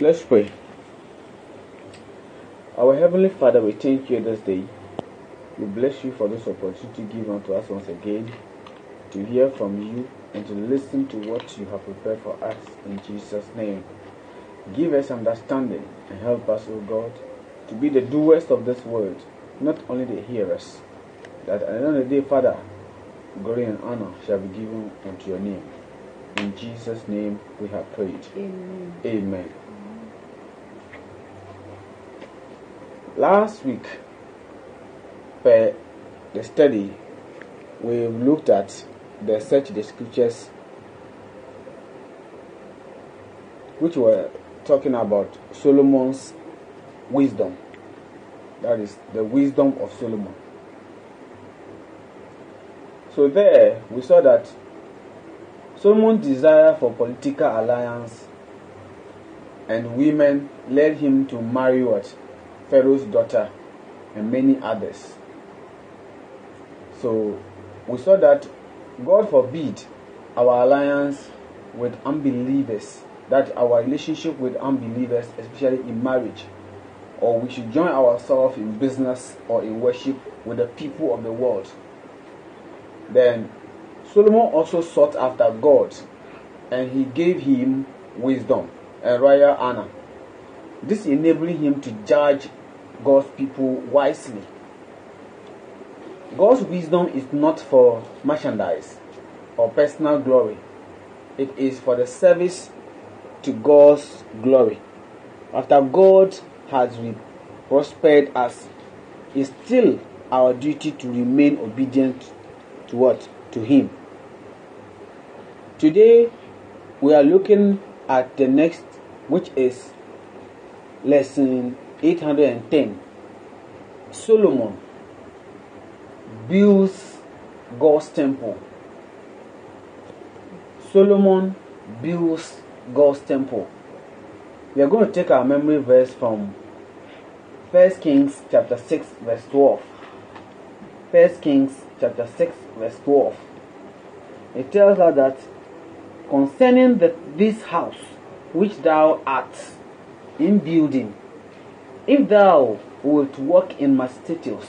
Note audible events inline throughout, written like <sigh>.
Let's pray. Our Heavenly Father, we thank you this day. We bless you for this opportunity given to us once again to hear from you and to listen to what you have prepared for us in Jesus' name. Give us understanding and help us, O God, to be the doers of this word, not only the hearers. That at the end of the day, Father, glory and honor shall be given unto your name. In Jesus' name we have prayed. Amen. Amen. Last week, per the study, we looked at the search the scriptures, which were talking about Solomon's wisdom. That is the wisdom of Solomon. So there we saw that Solomon's desire for political alliance and women led him to marry what? Pharaoh's daughter, and many others. So we saw that God forbid our alliance with unbelievers, that our relationship with unbelievers, especially in marriage, or we should join ourselves in business or in worship with the people of the world. Then Solomon also sought after God and he gave him wisdom and royal honor this enabling him to judge God's people wisely. God's wisdom is not for merchandise or personal glory, it is for the service to God's glory. After God has prospered us, it's still our duty to remain obedient to what? To Him. Today, we are looking at the next, which is lesson 810. Solomon builds God's temple. Solomon builds God's temple. We are going to take our memory verse from 1 Kings chapter 6 verse 12. 1 Kings chapter 6 verse 12. It tells us that concerning the, this house which thou art in building. If thou wilt walk in my statutes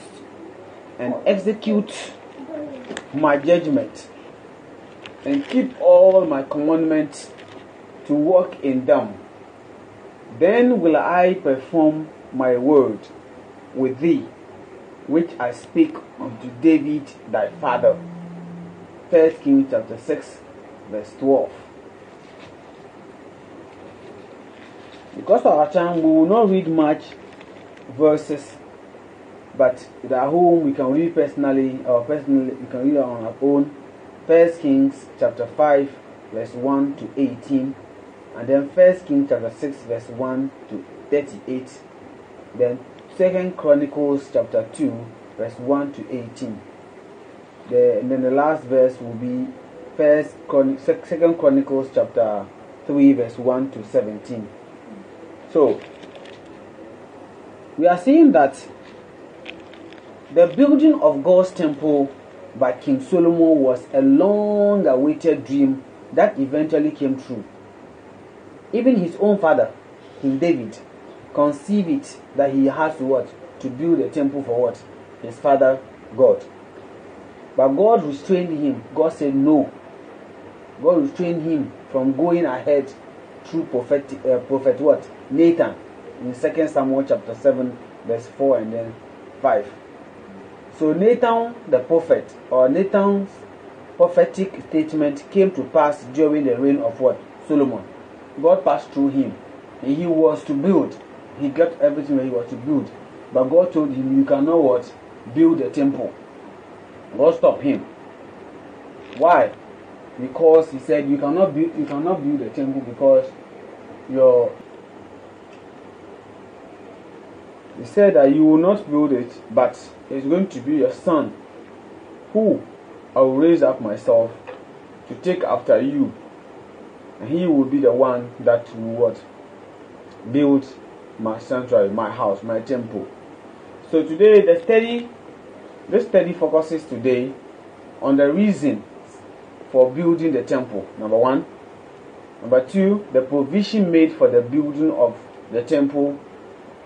and execute my judgment and keep all my commandments to walk in them, then will I perform my word with thee, which I speak unto David thy father. 1 Kings chapter 6, verse 12. Because of our time, we will not read much verses, but at home we can read personally, or personally we can read on our own. First Kings chapter 5, verse 1 to 18, and then First Kings chapter 6, verse 1 to 38, then Second Chronicles chapter 2, verse 1 to 18. The, and then the last verse will be First Second Chronicles chapter 3, verse 1 to 17. So, we are seeing that the building of God's temple by King Solomon was a long awaited dream that eventually came true. Even his own father, King David, conceived it that he has to what? To build a temple for what? His father, God. But God restrained him. God said no. God restrained him from going ahead through prophet, uh, prophet what? Nathan in 2 Samuel chapter 7 verse 4 and then 5. So Nathan the prophet or Nathan's prophetic statement came to pass during the reign of what? Solomon. God passed through him. He was to build. He got everything he was to build. But God told him, You cannot what? Build a temple. God stopped him. Why? because he said you cannot build you cannot build a temple because your he said that you will not build it but it's going to be your son who I will raise up myself to take after you and he will be the one that will what build my sanctuary my house my temple so today the study this study focuses today on the reason for building the temple, number one. Number two, the provision made for the building of the temple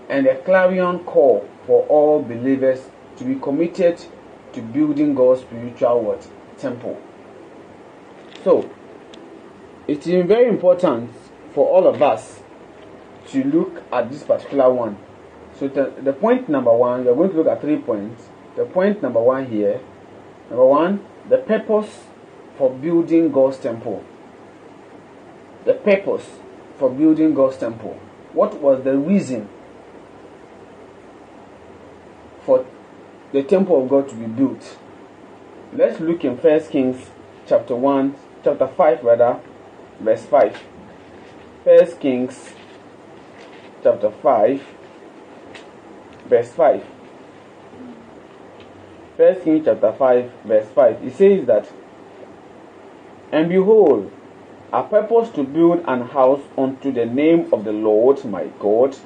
and a clarion call for all believers to be committed to building God's spiritual what? Temple. So, it is very important for all of us to look at this particular one. So, the, the point number one, we are going to look at three points. The point number one here number one, the purpose for building God's temple. The purpose for building God's temple. What was the reason for the temple of God to be built? Let's look in First Kings chapter 1, chapter 5 rather, verse 5. First Kings chapter 5 verse 5. First Kings chapter 5 verse 5. It says that and behold, I purpose to build an house unto the name of the Lord my God,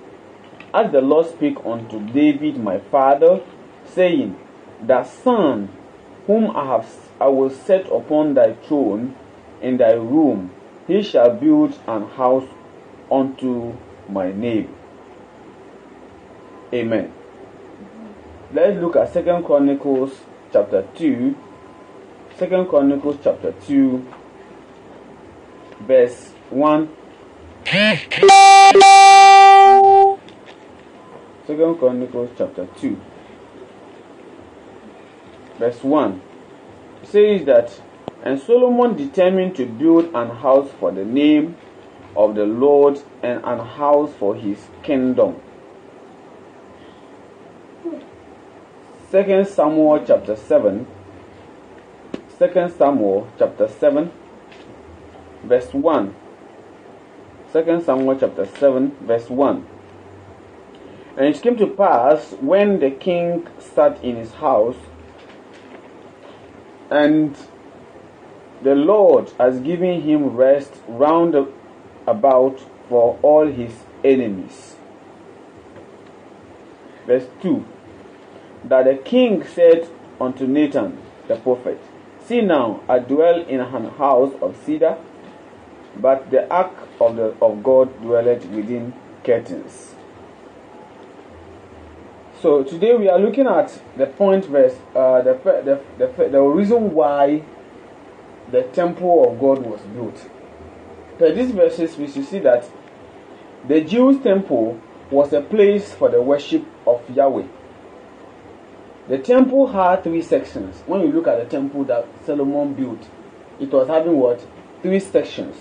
as the Lord speak unto David my father, saying, Thy son, whom I have I will set upon thy throne in thy room, he shall build an house unto my name. Amen. Let's look at Second Chronicles chapter two, Second Chronicles chapter 2, verse 1. Second Chronicles chapter 2, verse 1 says that, And Solomon determined to build an house for the name of the Lord and an house for his kingdom. Second Samuel chapter 7 2 Samuel chapter 7, verse 1. 2 Samuel chapter 7, verse 1. And it came to pass when the king sat in his house, and the Lord has given him rest round about for all his enemies. Verse 2 That the king said unto Nathan the prophet, See now, I dwell in an house of cedar, but the ark of, the, of God dwelleth within curtains. So today we are looking at the point verse, uh, the, the, the, the reason why the temple of God was built. Per these verses, we should see that the Jews' temple was a place for the worship of Yahweh the temple had three sections. When you look at the temple that Solomon built, it was having what? Three sections.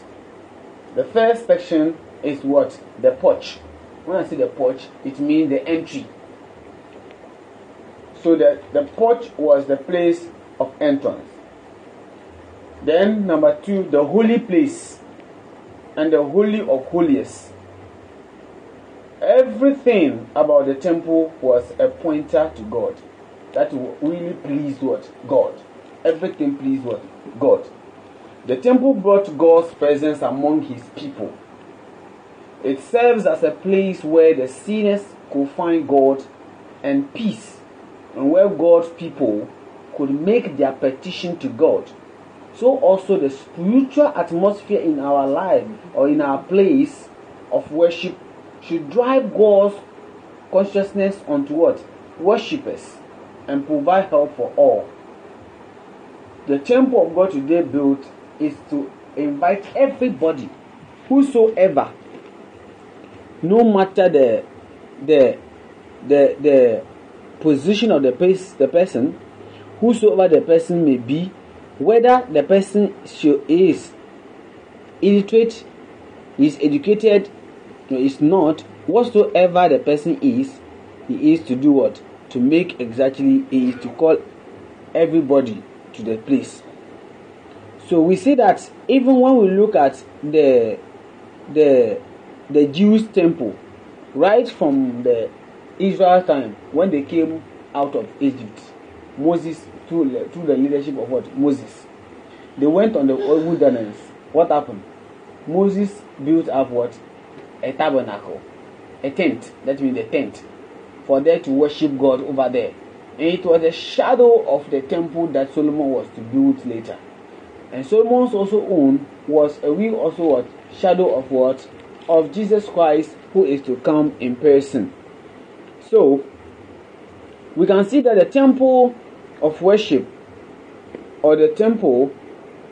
The first section is what? The porch. When I say the porch, it means the entry. So the, the porch was the place of entrance. Then, number two, the holy place and the holy of holiest. Everything about the temple was a pointer to God that really pleased what? God. Everything pleased what? God. The temple brought God's presence among his people. It serves as a place where the sinners could find God and peace, and where God's people could make their petition to God. So also the spiritual atmosphere in our life or in our place of worship should drive God's consciousness onto what? Worshippers and provide help for all. The temple of God today built is to invite everybody, whosoever, no matter the the the the position of the pers- the person, whosoever the person may be, whether the person is illiterate, is educated, or is not, whatsoever the person is, he is to do what to make exactly is to call everybody to the place. So we see that even when we look at the the the Jewish temple right from the Israel time when they came out of Egypt Moses through the, through the leadership of what Moses they went on the wilderness what happened Moses built up what a tabernacle a tent that means a tent for there to worship God over there. And it was a shadow of the temple that Solomon was to build later. And Solomon's also own was a uh, real also what shadow of what of Jesus Christ who is to come in person. So we can see that the temple of worship or the temple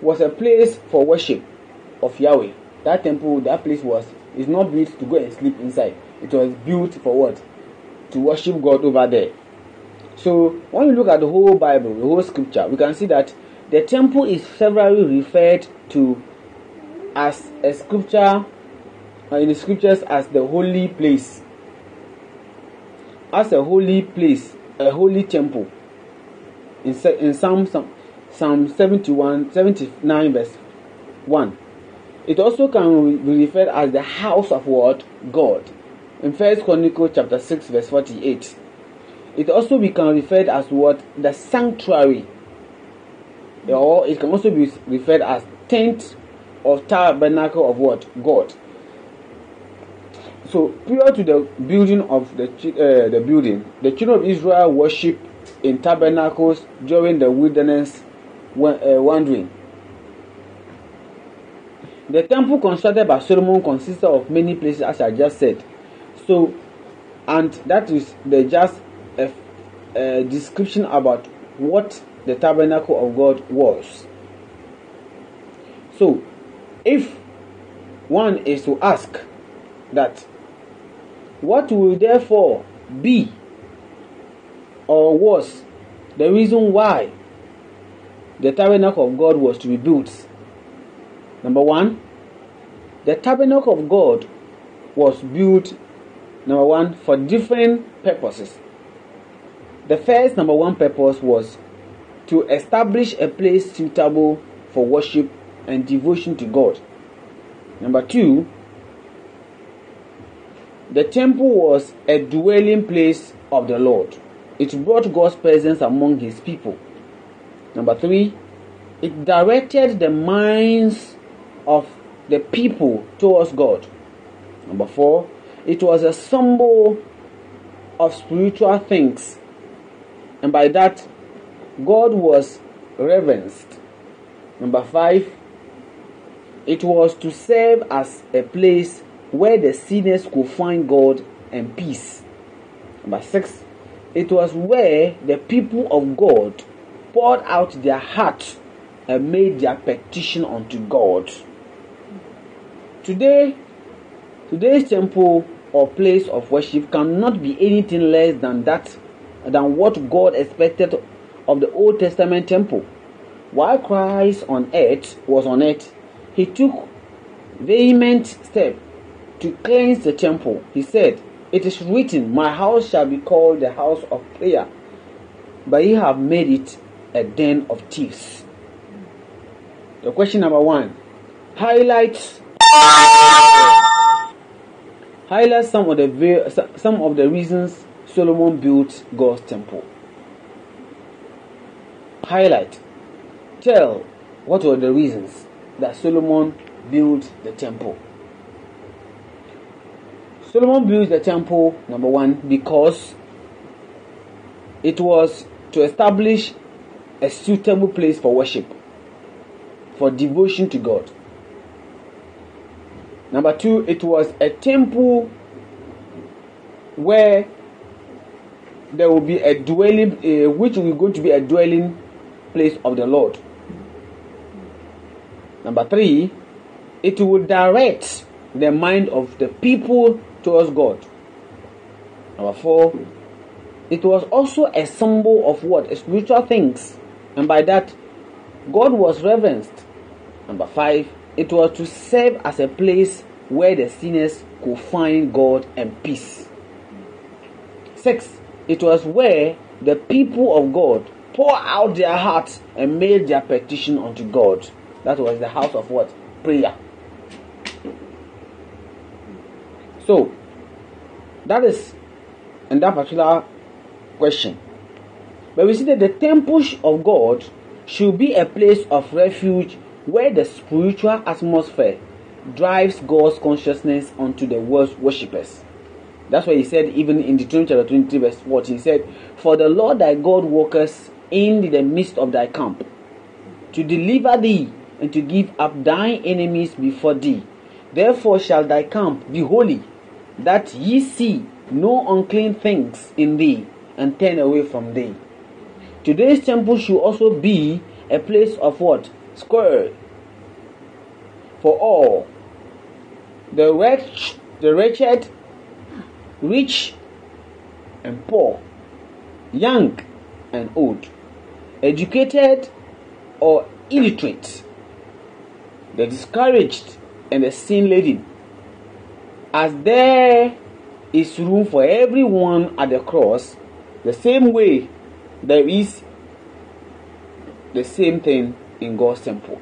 was a place for worship of Yahweh. That temple, that place was is not built to go and sleep inside. It was built for what? to worship God over there. So when you look at the whole Bible, the whole scripture, we can see that the temple is severally referred to as a scripture uh, in the scriptures as the holy place. As a holy place, a holy temple. In, in Psalm, Psalm, Psalm 71, 79, verse 1. It also can be referred as the house of what? God in First Chronicles chapter 6, verse 48. It also we can referred as what the sanctuary, or it can also be referred as tent or tabernacle of what God. So prior to the building of the uh, the building, the children of Israel worship in tabernacles during the wilderness uh, wandering. The temple constructed by Solomon consisted of many places, as I just said. So, and that is the just a, a description about what the tabernacle of God was. So, if one is to ask that what will therefore be or was the reason why the tabernacle of God was to be built? Number one, the tabernacle of God was built number one, for different purposes. The first number one purpose was to establish a place suitable for worship and devotion to God. Number two, the temple was a dwelling place of the Lord. It brought God's presence among his people. Number three, it directed the minds of the people towards God. Number four, it was a symbol of spiritual things, and by that, God was reverenced. Number five, it was to serve as a place where the sinners could find God and peace. Number six, it was where the people of God poured out their heart and made their petition unto God. Today, Today's temple or place of worship cannot be anything less than that than what God expected of the Old Testament temple. While Christ on earth was on earth, he took vehement step to cleanse the temple. He said, It is written, My house shall be called the house of prayer, but ye have made it a den of thieves. The question number one highlights highlights some of the some of the reasons Solomon built God's temple. Highlight. Tell what were the reasons that Solomon built the temple. Solomon built the temple number 1 because it was to establish a suitable place for worship, for devotion to God. Number two, it was a temple where there will be a dwelling, uh, which will going to be a dwelling place of the Lord. Number three, it will direct the mind of the people towards God. Number four, it was also a symbol of what? Spiritual things. And by that, God was reverenced. Number five, it was to serve as a place where the sinners could find God and peace. Six, it was where the people of God pour out their hearts and made their petition unto God. That was the house of what? Prayer. So, that is in that particular question. But we see that the temple of God should be a place of refuge where the spiritual atmosphere drives God's consciousness onto the world's worshippers. That's why he said, even in twenty chapter 20, verse 14, he said, For the Lord thy God walketh in the midst of thy camp, to deliver thee, and to give up thine enemies before thee. Therefore shall thy camp be holy, that ye see no unclean things in thee, and turn away from thee. Today's temple should also be a place of what? squared for all. The wretch, the wretched, rich and poor, young and old, educated or illiterate, the discouraged and the sin laden, as there is room for everyone at the cross, the same way there is the same thing in God's temple.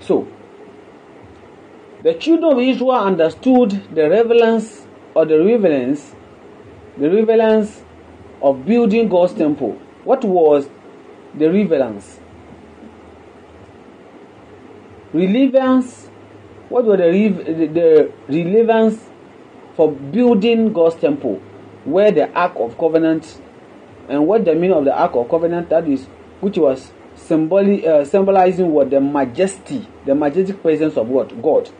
So, the children of Israel understood the relevance or the relevance, the relevance of building God's temple. What was the relevance? Relevance. What were the, the relevance for building God's temple, where the Ark of Covenant, and what the meaning of the Ark of Covenant that is, which was symboli- uh, symbolizing what the majesty, the majestic presence of what God.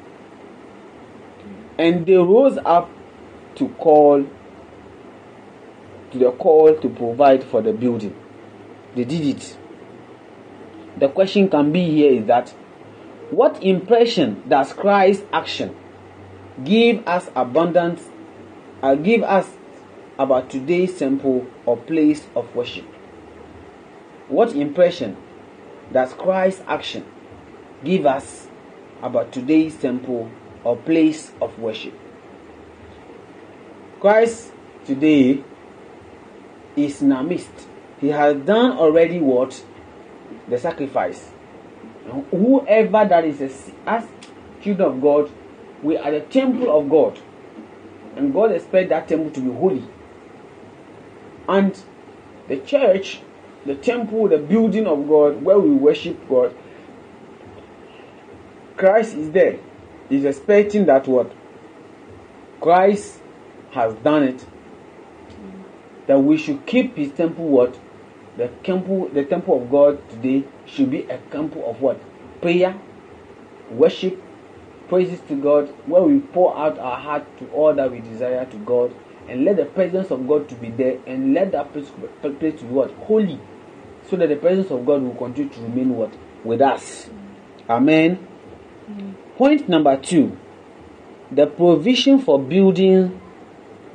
And they rose up to call to the call to provide for the building. They did it. The question can be here is that what impression does Christ's action give us abundance uh, give us about today's temple or place of worship? What impression does Christ's action give us about today's temple or place of worship? Christ today is in our midst. He has done already what? The sacrifice. Whoever that is, as children of God, we are the temple of God. And God expects that temple to be holy. And the church the temple, the building of God, where we worship God, Christ is there. He's expecting that what Christ has done it. That we should keep his temple what? The temple, the temple of God today should be a temple of what? Prayer, worship, praises to God, where we pour out our heart to all that we desire to God and let the presence of God to be there and let that place, place to be what? Holy. So that the presence of God will continue to remain what? With us. Amen. Mm-hmm. Point number two the provision for building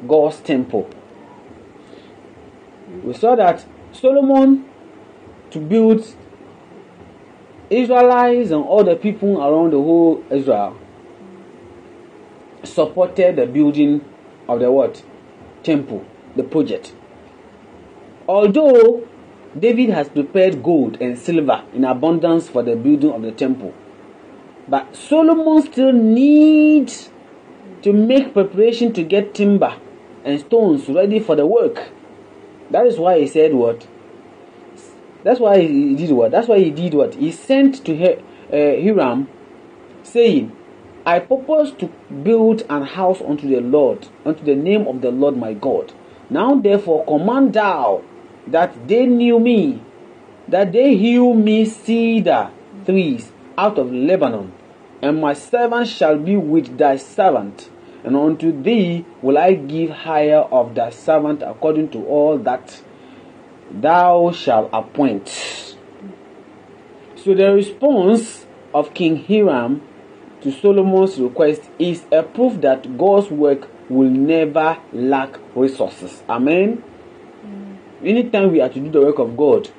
God's temple. We saw that Solomon to build Israelites and all the people around the whole Israel supported the building of the what? temple, the project. Although David has prepared gold and silver in abundance for the building of the temple, but Solomon still needs to make preparation to get timber and stones ready for the work. That is why he said what? That's why he did what? That's why he did what? He sent to uh, Hiram saying, I purpose to build an house unto the Lord, unto the name of the Lord my God. Now therefore command thou that they knew me, that they hew me cedar trees out of Lebanon, and my servant shall be with thy servant, and unto thee will I give hire of thy servant according to all that thou shalt appoint. So the response of King Hiram to Solomon's request is a proof that God's work will never lack resources. Amen. Mm. Anytime we are to do the work of God,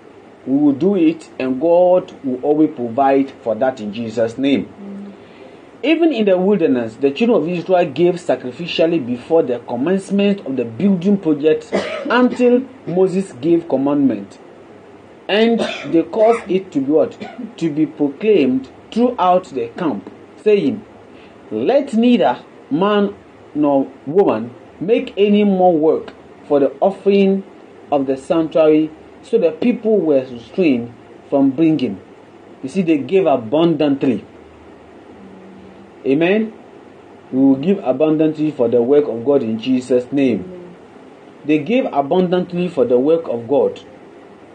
we will do it and God will always provide for that in Jesus' name. Mm. Even in the wilderness, the children of Israel gave sacrificially before the commencement of the building project <coughs> until Moses gave commandment. And they caused it to what to be proclaimed throughout the camp saying, Let neither man nor woman make any more work for the offering of the sanctuary, so the people were restrained from bringing. You see, they gave abundantly. Amen. We will give abundantly for the work of God in Jesus' name. They gave abundantly for the work of God.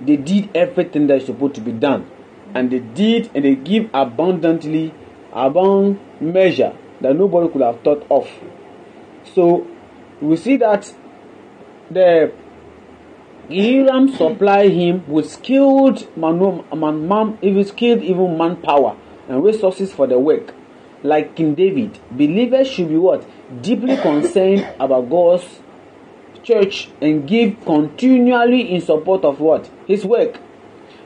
They did everything that is supposed to be done. And they did and they give abundantly above measure that nobody could have thought of. So we see that the Hiram supplied him with skilled man, man, man even skilled even manpower and resources for the work. Like King David, believers should be what deeply concerned about God's church and give continually in support of what his work.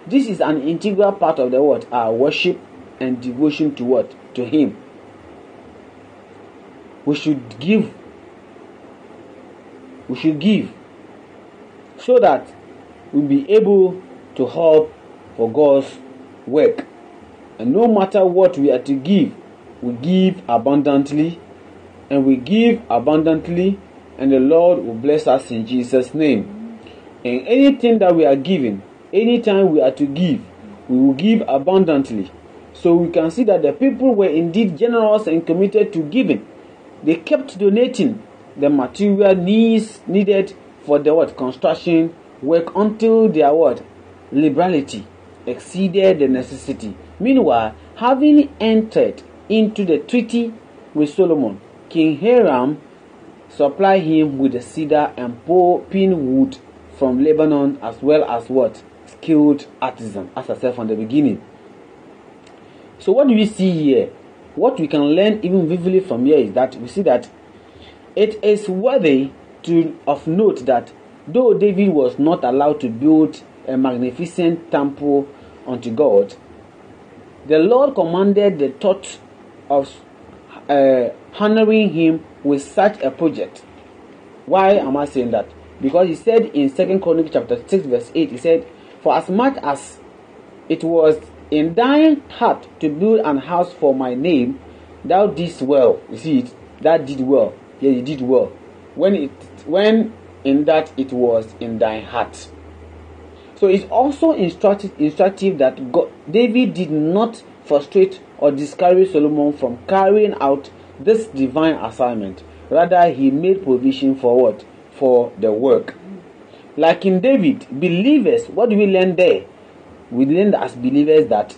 This is an integral part of the what our worship and devotion to what? To Him. We should give. We should give so that we'll be able to help for God's work. And no matter what we are to give, we give abundantly and we give abundantly, and the Lord will bless us in Jesus' name. And anything that we are giving, anytime we are to give, we will give abundantly so we can see that the people were indeed generous and committed to giving. They kept donating the material needs needed for the what construction work until their what liberality exceeded the necessity. Meanwhile, having entered into the treaty with Solomon, King Hiram supplied him with the cedar and pine wood from Lebanon as well as what skilled artisan, as I said from the beginning. So what do we see here? What we can learn even vividly from here is that we see that it is worthy to of note that though David was not allowed to build a magnificent temple unto God, the Lord commanded the thought of uh, honoring him with such a project. Why am I saying that? Because he said in Second Chronicles chapter 6, verse 8, he said, For as much as it was in thine heart to build an house for my name, thou didst well. You see it? That did well. Yeah, you did well. When it when in that it was in thine heart. So it's also instructive, instructive that God, David did not frustrate or discourage Solomon from carrying out this divine assignment. Rather, he made provision for what? For the work. Like in David, believers, what do we learn there? we learned as believers that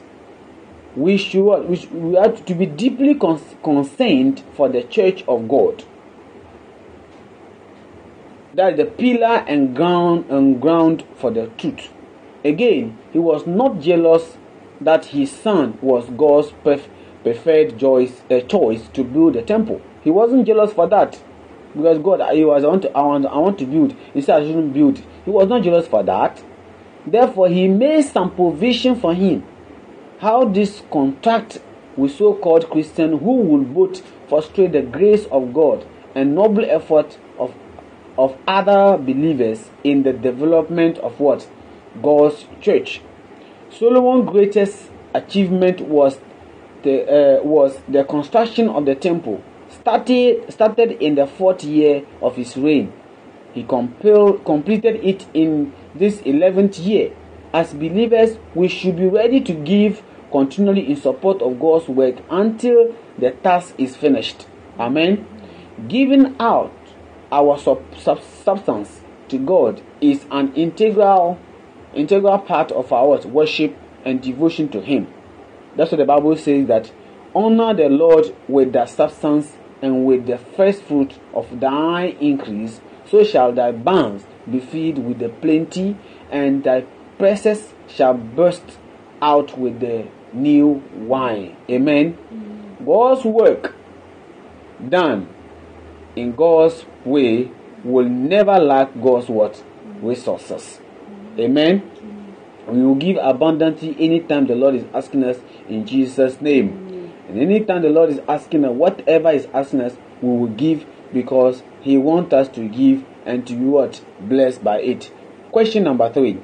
we should we, should, we to be deeply concerned for the church of God. That is the pillar and ground and ground for the truth. Again, he was not jealous that his son was God's pref- preferred choice, uh, choice to build the temple. He wasn't jealous for that because God, he was I want to, I want, I want to build. He said I shouldn't build. He was not jealous for that Therefore, he made some provision for him how this contract with so called Christians who would both frustrate the grace of God and noble effort of, of other believers in the development of what? God's church. Solomon's greatest achievement was the, uh, was the construction of the temple, started, started in the fourth year of his reign. He compiled, completed it in this 11th year, as believers, we should be ready to give continually in support of God's work until the task is finished. Amen. Giving out our sub- sub- substance to God is an integral integral part of our worship and devotion to Him. That's what the Bible says that honor the Lord with thy substance and with the first fruit of thy increase, so shall thy barns be filled with the plenty, and thy presses shall burst out with the new wine. Amen. Mm-hmm. God's work done in God's way will never lack God's what? Mm. Resources. Amen. We will give abundantly anytime the Lord is asking us in Jesus' name. Mm. And anytime the Lord is asking us, whatever is asking us, we will give because He wants us to give and to you what blessed by it. Question number three.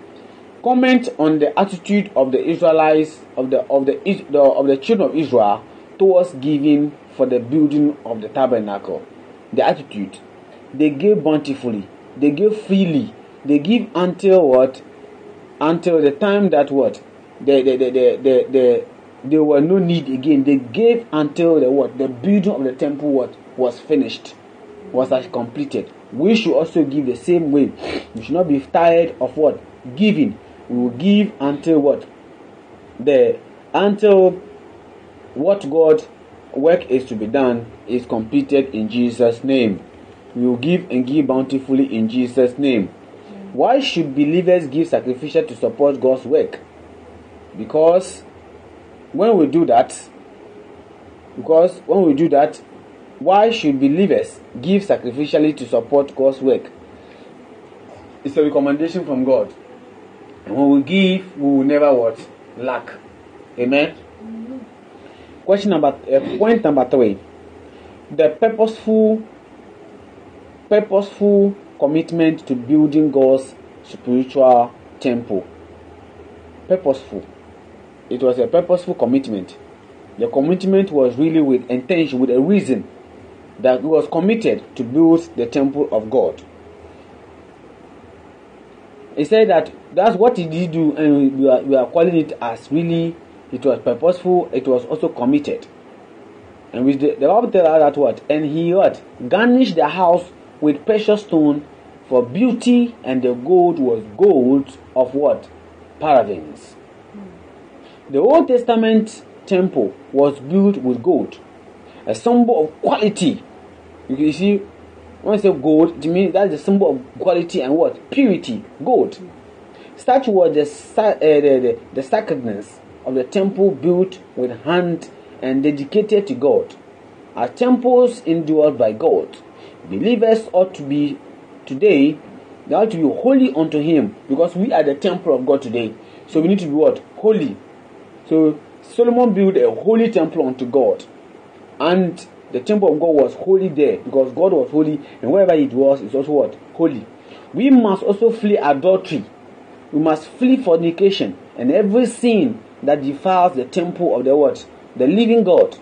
Comment on the attitude of the Israelites of the of the of the, of the children of Israel towards giving for the building of the tabernacle. The attitude. They gave bountifully. They gave freely. They give until what? Until the time that what? The the the the, the, they there were no need again. They gave until the what? The building of the temple what was finished, was completed we should also give the same way. We should not be tired of what? Giving. We will give until what? The until what God work is to be done is completed in Jesus' name. We will give and give bountifully in Jesus' name. Why should believers give sacrificial to support God's work? Because when we do that, because when we do that, why should believers give sacrificially to support God's work? It's a recommendation from God. And when we give, we will never what? Lack. Amen. Question number uh, point number three. The purposeful purposeful commitment to building God's spiritual temple. Purposeful. It was a purposeful commitment. The commitment was really with intention, with a reason that was committed to build the temple of God. He said that that's what he did do, and we are, we are calling it as really it was purposeful, it was also committed. And with the, Bible us that what? And he what? Garnished the house with precious stone for beauty, and the gold was gold of what? Paravins. The Old Testament temple was built with gold, a symbol of quality you see, when I say gold, it means that's the symbol of quality and what purity. Gold. Statue was the, uh, the, the, the sacredness of the temple built with hand and dedicated to God. Are temples endured by God? Believers ought to be today. They ought to be holy unto Him because we are the temple of God today. So we need to be what holy. So Solomon built a holy temple unto God, and the temple of God was holy there because God was holy, and wherever it was, it's also what? Holy. We must also flee adultery. We must flee fornication and every sin that defiles the temple of the what? The living God.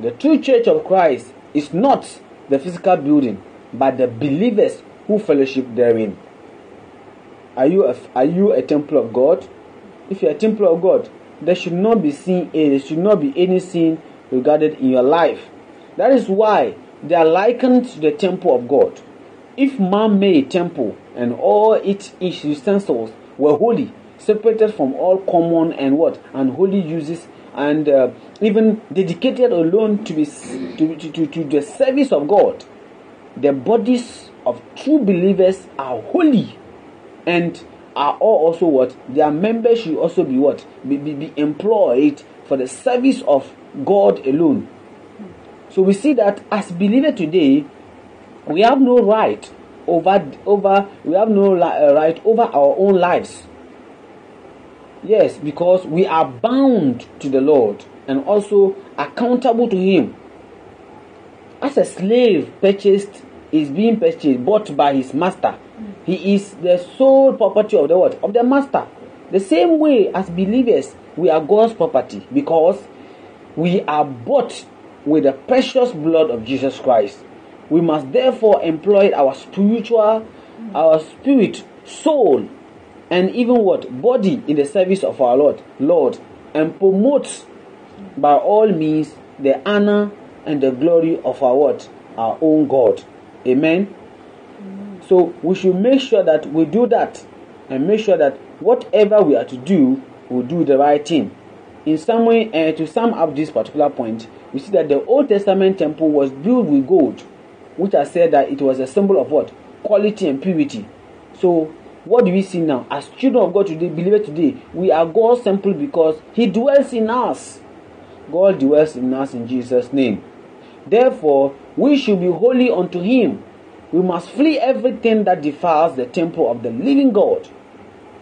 The true church of Christ is not the physical building, but the believers who fellowship therein. Are you a, are you a temple of God? If you are a temple of God, there should not be sin, eh, there should not be any sin regarded in your life. That is why they are likened to the temple of God. If man made temple and all its utensils were holy, separated from all common and what unholy uses, and uh, even dedicated alone to, be, to, to, to the service of God, the bodies of true believers are holy and are all also what their members should also be what be, be, be employed for the service of God alone so we see that as believers today, we have no right over over we have no li- uh, right over our own lives. Yes, because we are bound to the Lord and also accountable to Him. As a slave purchased is being purchased, bought by his master. He is the sole property of the what? Of the master. The same way as believers, we are God's property because we are bought with the precious blood of Jesus Christ. We must therefore employ our spiritual, our spirit, soul, and even what body in the service of our Lord, Lord, and promote by all means the honor and the glory of our what our own God. Amen. Amen. So we should make sure that we do that and make sure that whatever we are to do, we do the right thing in some way, uh, to sum up this particular point, we see that the Old Testament temple was built with gold, which I said that it was a symbol of what? Quality and purity. So, what do we see now? As children of God today, believers today, we are God's temple because He dwells in us. God dwells in us in Jesus' name. Therefore, we should be holy unto Him. We must flee everything that defiles the temple of the living God.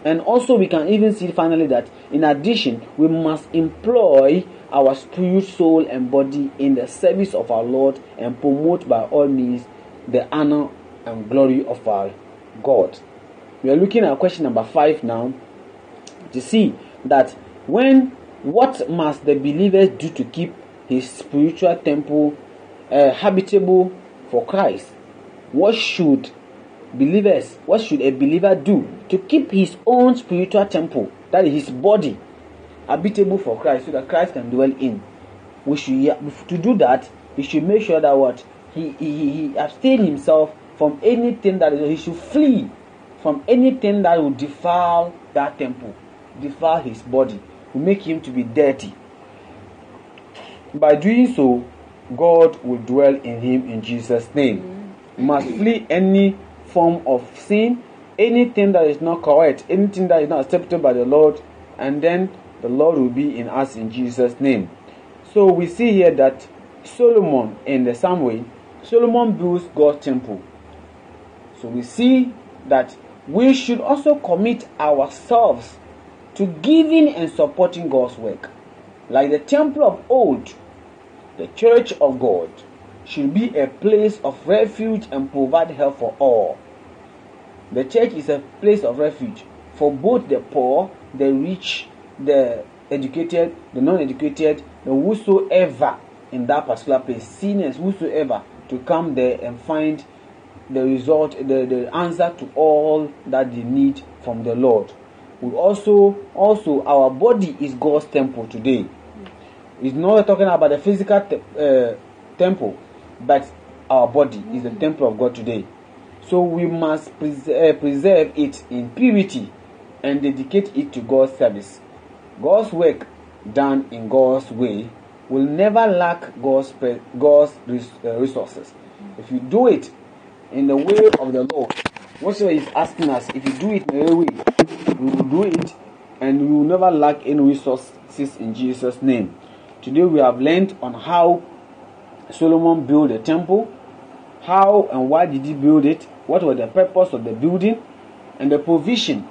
And also, we can even see finally that in addition, we must employ our spirit, soul, and body in the service of our Lord and promote by all means the honor and glory of our God. We are looking at question number five now to see that when what must the believers do to keep his spiritual temple uh, habitable for Christ? What should believers, what should a believer do to keep his own spiritual temple, that is his body, habitable for Christ, so that Christ can dwell in? We should to do that. We should make sure that what he he, he abstain himself from anything that is, he should flee from anything that will defile that temple, defile his body, will make him to be dirty. By doing so, God will dwell in him in Jesus' name. must flee any form of sin, anything that is not correct, anything that is not accepted by the Lord, and then the Lord will be in us in Jesus' name. So we see here that Solomon, in the same way, Solomon builds God's temple. So we see that we should also commit ourselves to giving and supporting God's work, like the temple of old, the church of God should be a place of refuge and provide help for all. The church is a place of refuge for both the poor, the rich, the educated, the non educated, the whosoever in that particular place, sinners, whosoever, to come there and find the result, the, the answer to all that they need from the Lord. We also, also, our body is God's temple today. It's not talking about the physical te- uh, temple, that our body is the temple of God today. So we must eh, preserve it in purity and dedicate it to God's service. God's work done in God's way will never lack God's, God's eh, resources. If you do it in the way of the Lord, whatsoever is asking us, if you do it in the way, we will do it and we will never lack any resources in Jesus' name. Today we have learned on how Solomon built a temple? How and why did he build it? What was the purpose of the building? And the provision.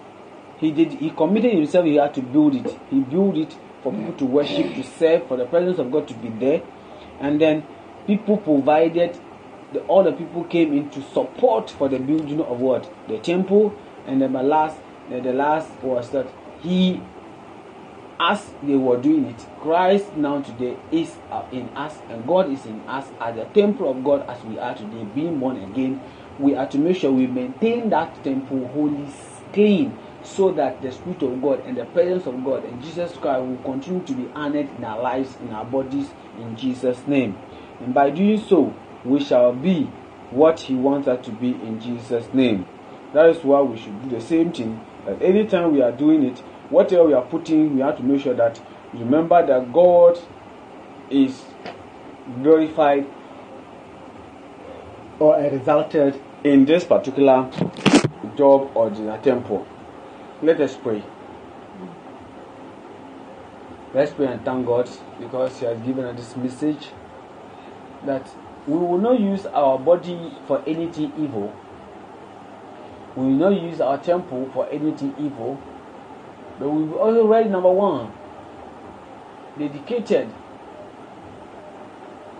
He did he committed himself, he had to build it. He built it for people to worship, to serve, for the presence of God to be there. And then people provided the, all the people came in to support for the building of what? The temple. And then the last the last was that he as they were doing it, Christ now today is uh, in us and God is in us as the temple of God as we are today, being born again. We are to make sure we maintain that temple holy, clean, so that the Spirit of God and the presence of God and Jesus Christ will continue to be honored in our lives, in our bodies, in Jesus' name. And by doing so, we shall be what He wants us to be in Jesus' name. That is why we should do the same thing. any anytime we are doing it, whatever we are putting, we have to make sure that remember that God is glorified or resulted in this particular job or the temple. Let us pray. Let's pray and thank God because He has given us this message that we will not use our body for anything evil. We will not use our temple for anything evil but we've also read number one, dedicated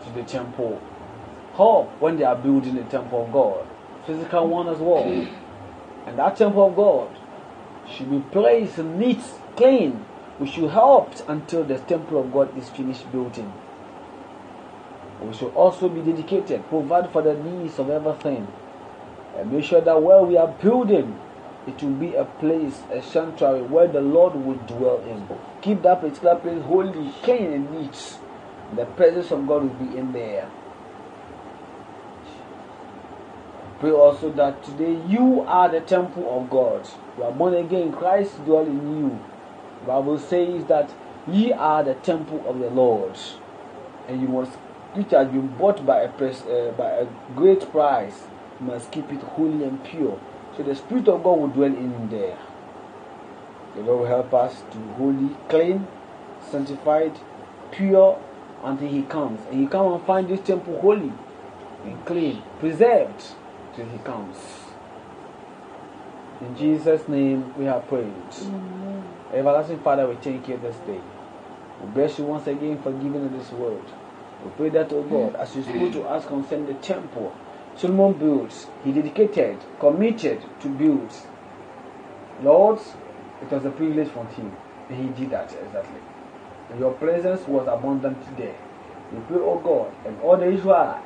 to the temple. How when they are building the temple of God, physical one as well. And that temple of God should be placed neat, clean. We should help until the temple of God is finished building. We should also be dedicated, provide for the needs of everything, and make sure that where we are building, it will be a place, a sanctuary where the Lord will dwell in. Keep that particular place holy, clean, and neat. The presence of God will be in there. Pray also that today you are the temple of God. You are born again, Christ dwells in you. The Bible says that ye are the temple of the Lord, and you must, which has been bought by a, uh, by a great price, you must keep it holy and pure so the Spirit of God will dwell in there. The Lord will help us to holy, clean, sanctified, pure until He comes. And He come and find this temple holy and clean, preserved till He comes. In Jesus' name we have prayed. Amen. Everlasting Father, we thank you this day. We bless you once again for giving us this word. We pray that, O oh God, as you spoke to us concerning the temple, Solomon builds. He dedicated, committed to build. Lord, it was a privilege from him. He did that exactly. Your presence was abundant there. We pray, O God, and all the Israel.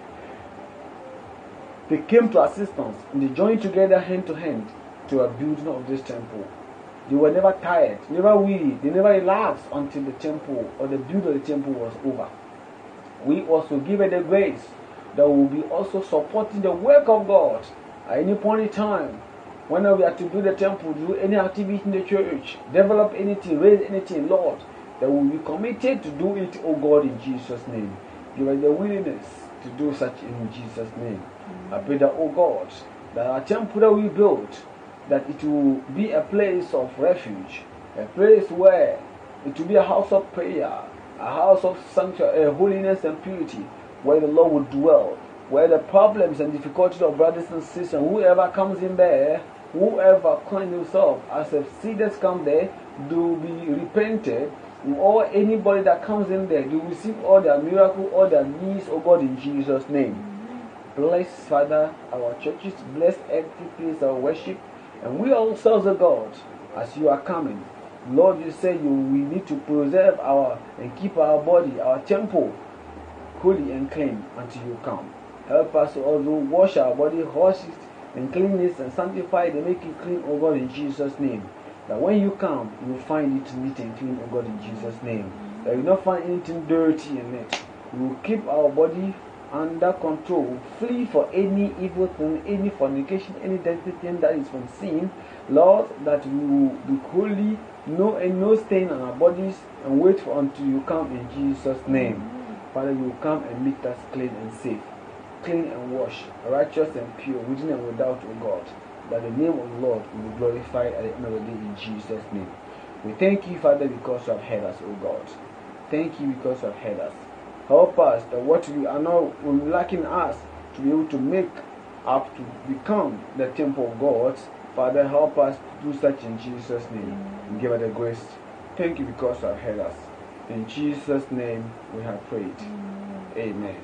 They came to assistance and they joined together hand to hand to a building of this temple. They were never tired, never weary, they never relaxed until the temple or the build of the temple was over. We also give it the grace that will be also supporting the work of God at any point in time. Whenever we are to do the temple, do any activity in the church, develop anything, raise anything, Lord, that will be committed to do it, O oh God, in Jesus' name. Give us the willingness to do such in Jesus' name. Mm-hmm. I pray that, O oh God, that our temple that we build, that it will be a place of refuge, a place where it will be a house of prayer, a house of sanctuary, eh, holiness and purity, where the Lord will dwell, where the problems and difficulties of brothers and sisters, whoever comes in there, whoever coins himself as a seeders come there, do be repented, or anybody that comes in there, do receive all their miracle, all their needs, oh God, in Jesus' name. Bless, Father, our churches, bless every place of worship, and we ourselves, oh God, as you are coming. Lord, you said you, we need to preserve our and keep our body, our temple, holy and clean until you come. Help us also wash our body, horses, and clean it and sanctify the and make it clean, O God, in Jesus' name. That when you come, you will find it neat and clean, O God, in Jesus' name. That you will not find anything dirty in it. We will keep our body under control. Flee for any evil thing, any fornication, any dirty thing that is from sin. Lord, that we will be holy, no and no stain on our bodies, and wait for until you come in Jesus' name. Father, you will come and make us clean and safe, clean and washed, righteous and pure, within and without, O God. That the name of the Lord will be glorified at the end of the day in Jesus' name. We thank you, Father, because you have heard us, O God. Thank you because you have heard us. Help us that what we are now lacking us to be able to make up to become the temple of God. Father, help us to do such in Jesus' name and give us the grace. Thank you because you have heard us. In Jesus' name we have prayed. Amen. Amen.